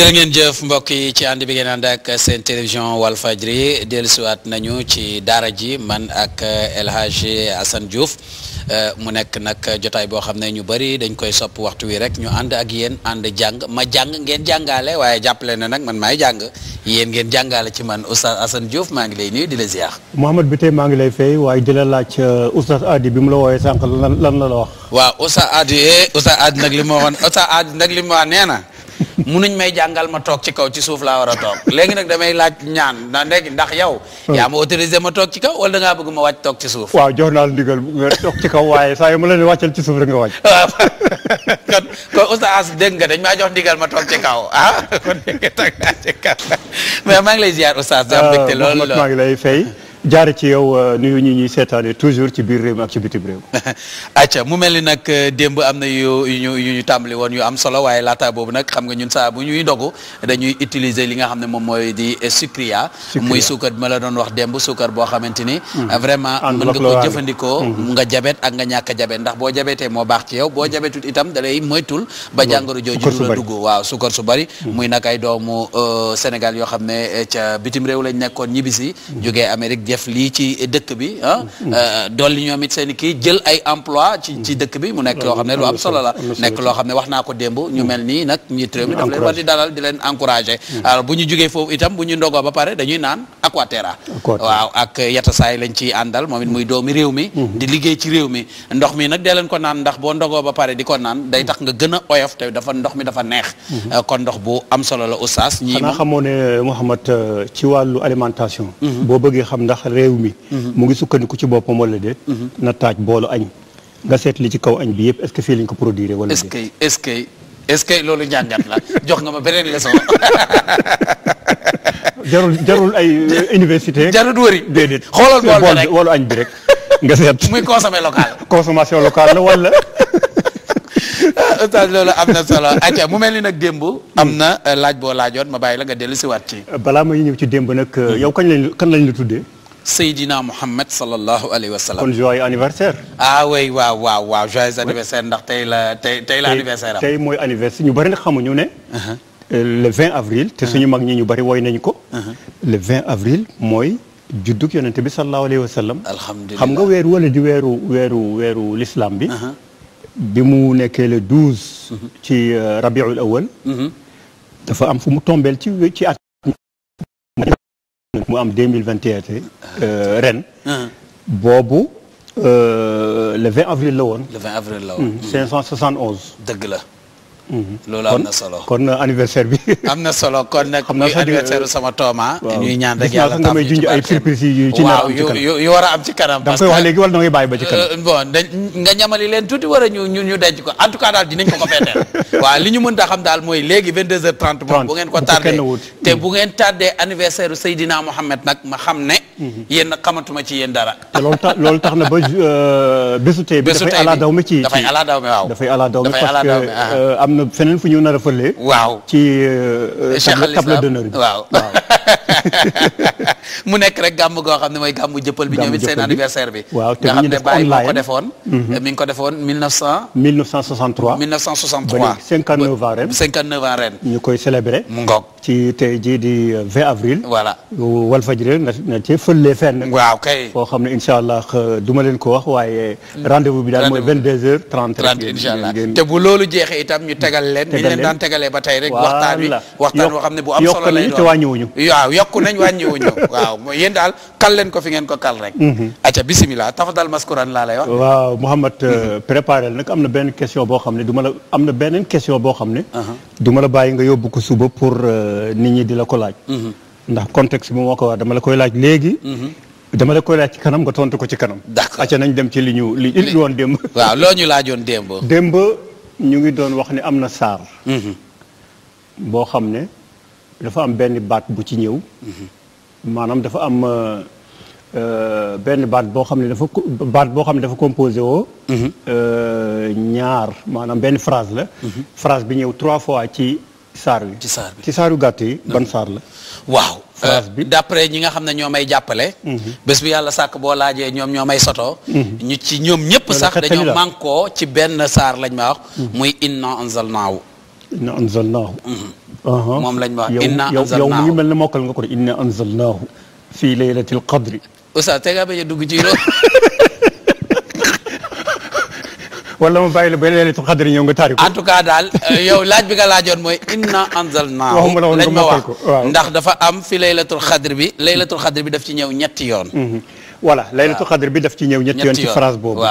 jërë ngeen jëf mbokk yi ci ànd bi ngeen ànd ak seen télévision Walfadjri dellusiwaat nañu ci daara ji man ak eh, El Hadji Assane eh, mu nekk nag jotaay boo xam ne ñu bari dañ koy sopp waxtu wi rek ñu ànd ak yéen ànd jàng ma jàng ngeen jàngaale waaye jàppale na nag man maay jàng yéen ngeen jàngaale ci man Oustaz Assane Diouf maa ngi lay nuyu di la ziar. Mouhamed maa ngi lay fay waaye di la laaj eh, Adi bi mu la wooyee sànq lan lan la la wax. waaw Oustaz Adi Oustaz Adi nag li Adi nag li nee na mun munuñ may jàngal ma toog ci kaw ci suuf laa war a toog léegi nag damay laaj ñaan na léegi ndax yow hmm. yaa ma autorisé ma toog ci kaw wala da ngaa bëgg ma wàcc toog ci suuf waaw jox naa ndigal nga toog ci kaw waaye saa ma la ne wàccal ci suuf rek nga wàcc waaw ah, kon kon oustaz dégg nga dañ maa jox ndigal ma toog ci kaw ah kon dégg nga toog naa ci kaw mais maa ngi lay ziar oustaz am ah, mbégte loolu maa ngi lay fay jaare ci yow euh, nuyu ñi ñuy seetaane toujours ci biir réew mi ak ci bitim réew. acca mu mel ni nag euh, démb am na yu ñu yu tàmbali woon yu am solo waaye laata boobu nag xam nga ñun saa bu ñuy dogu dañuy utiliser li nga xam ne moom mooy di sucria. muy suukar bi ma la doon wax démb suukar boo xamante ni. Hmm. Euh, vraiment mën nga ko jëfandikoo. Hmm. nga jabet ak nga ñàkk a jabet ndax boo jabetee moo baax ci yow boo jabetut itam da moytul. ba jàngoro jooju du la dugg waaw suukar su bari. Hmm. muy nag ay doomu Sénégal yoo xam ne ca bitim réew lañ nekkoon ñibbisi jógee def lii ci dëkk bi ah mm-hmm. euh, dolli ñoom it seen kii jël ay emploi ci ci mm-hmm. dëkk bi mu nekk loo xam ne lu am solo la nekk loo xam ne wax naa ko démb ñu mel nii nag njiit réew mi daf leen war dalal di leen encouragé mm-hmm. alors bu ñu jugee foofu itam bu ñu ndogoo ba pare dañuy naan Aquaterra waaw ak yatasaay lañ ciy àndal moom it muy doomi réew mi di liggéey ci réew mi ndox mi nag dee leen ko naan ndax boo ndogoo ba pare di ko naan day tax nga gën a oyof te dafa ndox mi dafa neex euh, kon ndox bu am solo la oustaz ñi xanaa xamoo ne euh, Mouhamed ci wàllu alimentation ndax réew mi mhm. mu ngi sukkandiku ci boppam walla déet mhm. na taaj boolu añ nga seet ci kaw añ bi yëpp est-ce que fii lañ ko produire wala déet est-ce que est-ce que loolu njàngat la jox nga ma beneen leçon jarul jarul ay euh, université jarul wëri déedéet xoolal bool bi rek añ bi rek nga seet muy consommé local consommation locale la wala oustaz loolu am na solo aca mu mel ni nag démb am na hmm. euh, laaj boo laajoon ma bàyyi la nga dellu si waat ci balaa may ñëw ci démb nag euh, hmm. yow kañ lañ kan lañ la tuddee Seydina Mouhamed sallallahu alayhi wa sallam. kon joyeux anniversaire. ah oui waaw waaw waaw joyeux anniversaire ndax tey la tey tey la anniversaire am. tey mooy anniversaire ñu bari nag xamuñu ne. Uh-huh. Euh, le 20 avril. te uh-huh. suñu mag ñi ñu bari woy nañu ko. Uh-huh. le 20 avril mooy. juddug yonente bi sallallahu alayhi wa sallam. alhamdulilah xam nga weer wala di weeru weeru weeru l'islam bi. bi mu nekkee le 12. ci euh, rabiul awal. dafa am fu mu tombeel ci ci at. mu am 2021 euh, ren. Ah. boobu euh, le 20 avril la woon. le 20 avril la woon. 571. Hmm. dëgg la. Mm-hmm. loolu am na solo kon anniversaire bi. am na solo kon nag. xam anniversaire sama tooma. yu war a am ci kanam. parce que da nga koy wax léegi wala da ngay bàyyi ba ci kanam. Euh, bon dañ nga ñamali leen tuuti war a ñu ñu ñu ko en daal dinañ ko ko feeteel. waaw li ñu mënta xam daal mooy léegi 22h30. 30 bu ngeen ko tardé te mm-hmm. bu ngeen tardé anniversaire Seydina Mohamed nag ma xam ne. Mm-hmm. yéen xamatuma ci yéen dara. loolu tax na ba euh, bésu tey bi. bésu tey bi dafay ala na feneen fu ñu nar a fëlee. waaw ci euh, table d'honneur bi waaw. mu nekk rek gàmm goo xam ne mooy gàmmu jëppal bi ñoom it seen anniversaire bi waaw te nga xam ne bàyyi moo ko defoon mm-hmm. mi ngi ko defoon mille neuf ci di 20 avril voilà Walfadjri na ci fëllee fenn waaw kay koo xam ne incha allah euh, du leen ko wax waaye mm. rendez bi daal mooy te bu loolu jeexee itam ñu tegal leen ni leen daan tegalee ba tey rek waxtaan wi waxtaan woo ne bu am solo lay te wàññiwuñu waaw yokku nañ wàññiwuñu waaw mooy yéen daal kal leen ko fi ngeen ko kal rek mhm. acca bisimilah tafadal maskuran laa lay wax waaw Mouhamed euh, mhm. préparé nag am na benn question boo xam ne du la am na beneen question boo xam ne uh-huh. du ma la bàyyi nga yóbbu ko suba pour euh, nit ñi di la ko laaj mhm. ndax contexte bi moo ko dama la koy laaj léegi dama la koy laaj ci kanam nga tontu ko ci kanam d'accord acca nañ dem ci li ñu li indi woon démb waaw loo ñu laajoon démb démb ñu ngi doon wax ni am na saar boo xam ne dafa am benn baat bu ci ñëw maanaam dafa am euh, euh, benn baat boo xam ne dafa baat boo xam ne dafa composé woo mm-hmm. euh, ñaar maanaam benn phrase la mm-hmm. phrase bi ñëw trois fois ci saar wi ci saar bi ci saaru gàtt yi mm-hmm. ban saar la waaw phrase bi d'après ñi nga xam ne ñoom ay jàppale bés bu yàlla sàkk boo laajee ñoom ñoo ay soto ñu ci ñoom ñëpp sax dañoo mànkoo ci benn saar lañ ma wax muy inna anzalnaahu inna anzalnaahu Uh-huh. moom lañ wax inna anzalnaahu yow mi ngi mel ne mokkal nga ko de inna anzalnaahu fii laylatil qadri oustaz te nga bañ a dugg ci loolu wala ma la ba laylatul qadr ñëw nga taari ko en daal euh, yow laaj bi nga laajoon mooy inna anzalnaahu waxuma la woon lañ ma wax ndax dafa am fi laylatul qadr bi laylatul qadr bi daf ci ñëw ñetti yoon mm-hmm. voilà laylatul qadr bi daf ci ñëw ñetti yoon ci phrase boobu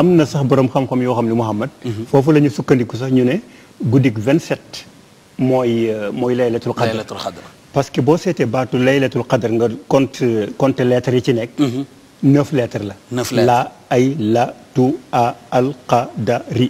am na sax borom xam-xam yoo xam ne Muhammad mm-hmm. foofu la ñu sukkandiku sax ñu ne guddik 27 mooy euh, mooy laylatul qadr laylatul qadr parce que boo seetee baatu laylatul qadr nga compte compte yi ci nekk. Mhm. neuf lettres la. neuf la ay la tu a al qadari.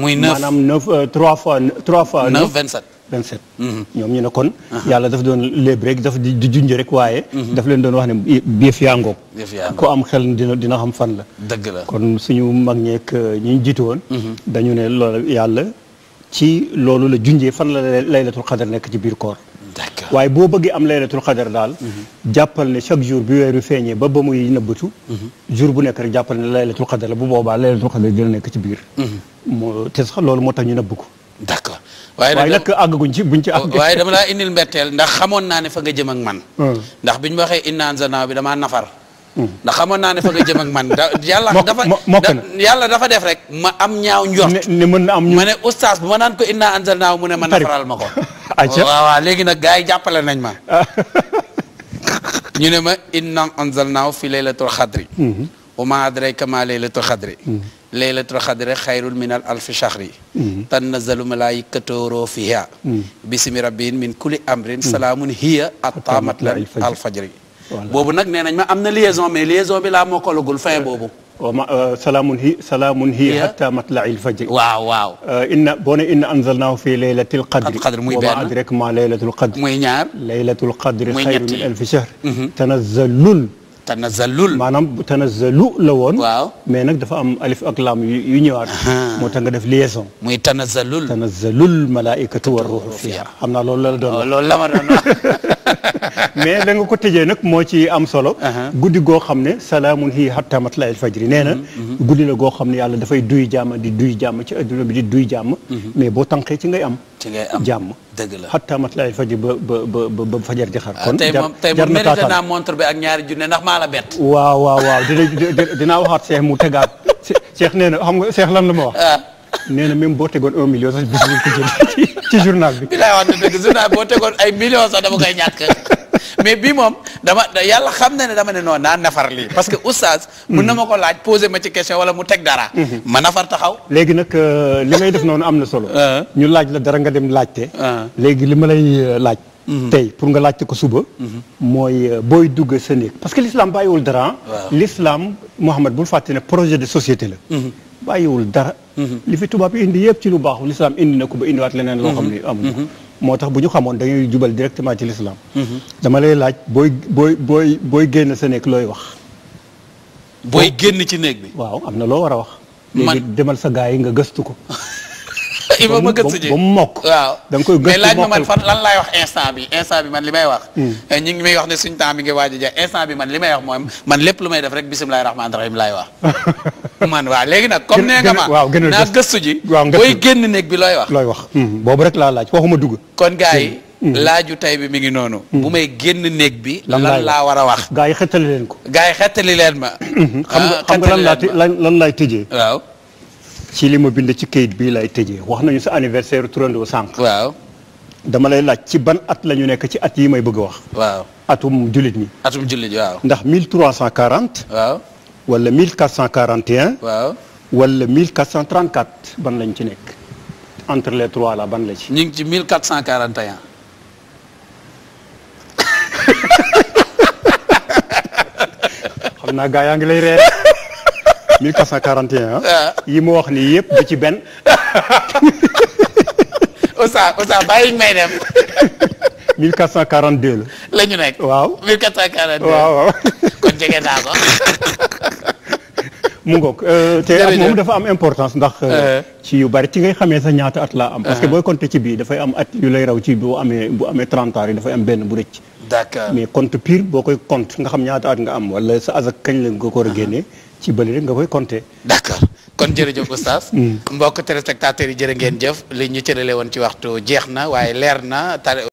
muy neuf maanaam neuf euh, trois fois trois fois. neuf vingt sept. vingt sept. Mhm. ñoom ñu ne kon. yàlla daf doon léeb rek daf di junj rek waaye. Mhm. daf leen doon wax ne biif yaa ngoog. ku am xel dina xam fan la. dëgg la kon mag ñeek euh, ñu jiitu woon. dañu ne loolu yàlla. ci loolu la junjee fan la laylatul xadar nekk ci biir koor waaye boo bëggee am laylatul xadar daal mhm. jàppal ne chaque jour bi weeru feeñee ba ba muy nëbbatu mhm. jour bu nekk rek jàppal ne laylatul xadar la bu boobaa laylatul xadar dina nekk ci biir mhm. moo te sax loolu moo tax ñu nëbb ko d'accord waaye nag àggaguñ ci buñ ci àgg waaye dama laa indil mbetteel ndax xamoon naa ne fa nga jëm ak man hmm. ndax biñ waxee inaan zana bi a nafar ndax xamoon naa ne fa man da yàlla dafa yàlla dafa def rek ma am ñaaw njort ne mën na am ñu ma ne bu ma naan ko inna anzalnaahu mu ne ma nafaral ma ko waaw waaw léegi nag gars yi jàppale nañ ma ñu ne ma inna anzalnaahu fi laylatul xadri mhm. wa ma adraka ma laylatul xadri mhm. laylatul xadri xayrun min al alfi shahri mhm. tanazzalu malaikatu ruuhu fiha bismi rabbihim min kulli amrin salaamun hiya attamat lan alfajri boobu nag nee nañ ma am na liaison mais liaison bi laa mokkalagul fin boobu. waaw ma euh, salaamun hi salaamun hi hatta matla'il fajr. waaw waaw. Euh, inna boo nee inna anzalnaahu fi laylatil qadri. qadri muy benn wa ma adraka ma laylatul qadri. muy ñaar laylatul qadri. muy xayru min alfi shahr. Mm-hmm. tanazzalul. tanazzalul maanaam tanazzalu la woon. waaw mais nag dafa am alif ak laam yu ñëwaat. moo tax nga def liaison. muy tanazzalul. tanazzalul malaa'ikatu war ruuhu fiihaa. xam naa loolu la la doon oh, loolu la ma doon mais da nga ko tëjee nag moo ci am solo. guddi goo xam ne salaamun hi hatta matlail fajri nee na. Mhm, mhm. guddi la goo xam ne yàlla dafay duy jàmm di duy jàmm ci adduna bi di duy jàmm. Mhm. mais boo tànkee ci ngay am. ci ngay jàmm. dëgg la hatta matlail fajri ba ba ba ba fajar di xar. kon ah, jar jar na taataan tey naa montre bi ak ñaari junne ndax maa la bet waaw waaw waaw dina dinaa waxaat seex mu tegaat seex nee na xam nga seex lan la ma wax. Ah. nee na boo tegoon un million sax bis ko jël. ci journal bi. bi laay wax ne dëgg journal boo tegoon ay millions sax dama koy ñàkk mais bi moom dama yàlla xam na ne dama ne noonu naa nafar lii parce que oustaz. mun na ma ko laaj posé ma ci question wala mu teg dara. Mhm. ma nafar taxaw. léegi nag euh, li may def noonu am na solo. Ah. ñu laaj la dara nga dem laajte. Ah. léegi li ma lay euh, laaj. Mhm. tey pour nga laajte ko suba. Mhm. mooy euh, booy dugg sa néeg parce que l'islam bàyyiwul dara. l'islam Mouhamed bul fàtte projet de société la. Mhm. bàyyiwul dara. li fi tubaab yi indi yëpp ci lu baax l'islam indi na ko ba indiwaat leneen. loo xam ne amuñu moo tax bu ñu xamoon dañuy jubal directement ci l'islam. dama lay laaj booy booy booy booy génn sa néeg looy wax. booy génn ci néeg bi. waaw am na loo war a wax. man léegi demal sa gaa yi nga gëstu ko. il faut da koy gëstu mais laaj ma lan laay wax instant bi instant bi man li may wax hmm. eh, ñi ngi may wax ne suñ temps bi nga waaj a jeex instant bi man li may wax moom man lépp lu may def rek bismillahi rahmaani rahim laay wax man waaw léegi nag comme nee nga ma waaw gën a naa gëstu ji waaw génn néeg bi looy wax looy wax hmm. boobu rek laa laaj waxuma dugg kon gars yi hmm. laaju tay bi mi ngi noonu bu may génn néeg bi lan laa war a wax gars yi xettali leen ko gaa yi xettali leen ma ah, xam nga lan laa lan laay tëjee waaw ci li ma bind ci kayit bii lay tëjee wax nañu sa anniversaire turandoo sànq. waaw. dama lay laaj ci ban at la ñu nekk ci at yi may bëgg wax. waaw atum jullit mi. atum jullit waaw. ndax 1340. waaw wala 1441. waaw wala 1434 ban lañ ci nekk entre les trois ban la ci. ñu ngi ci 1441. xam naa gaa yaa ngi lay reer. 1441. yi mu wax nii yëpp ba ci benn. Oustaz Oustaz bàyyi may dem. 1442 la. la ñu nekk. waaw 1442. waaw waaw. kon jege naa ko. mu ngoog euh, te at moom dafa am importance ndax. Euh, euh. ci yu bari ci ngay xamee sa ñaata at laa am. parce booy compter ci bii dafay am at yu lay raw ci bu amee bu amee 30 ans dafay am benn bu rëcc. d'accord mais compte pire boo koy compte nga xam ñaata at nga am wala sa azak kañ la nga ko a ah. génnee. ci bële rek nga koy compter. d'accord kon jërëjëf oustaz. Mm. mbokk téléspectateurs yi jërë ngeen jëf li ñu cëralee woon ci waxtu jeex na waaye leer na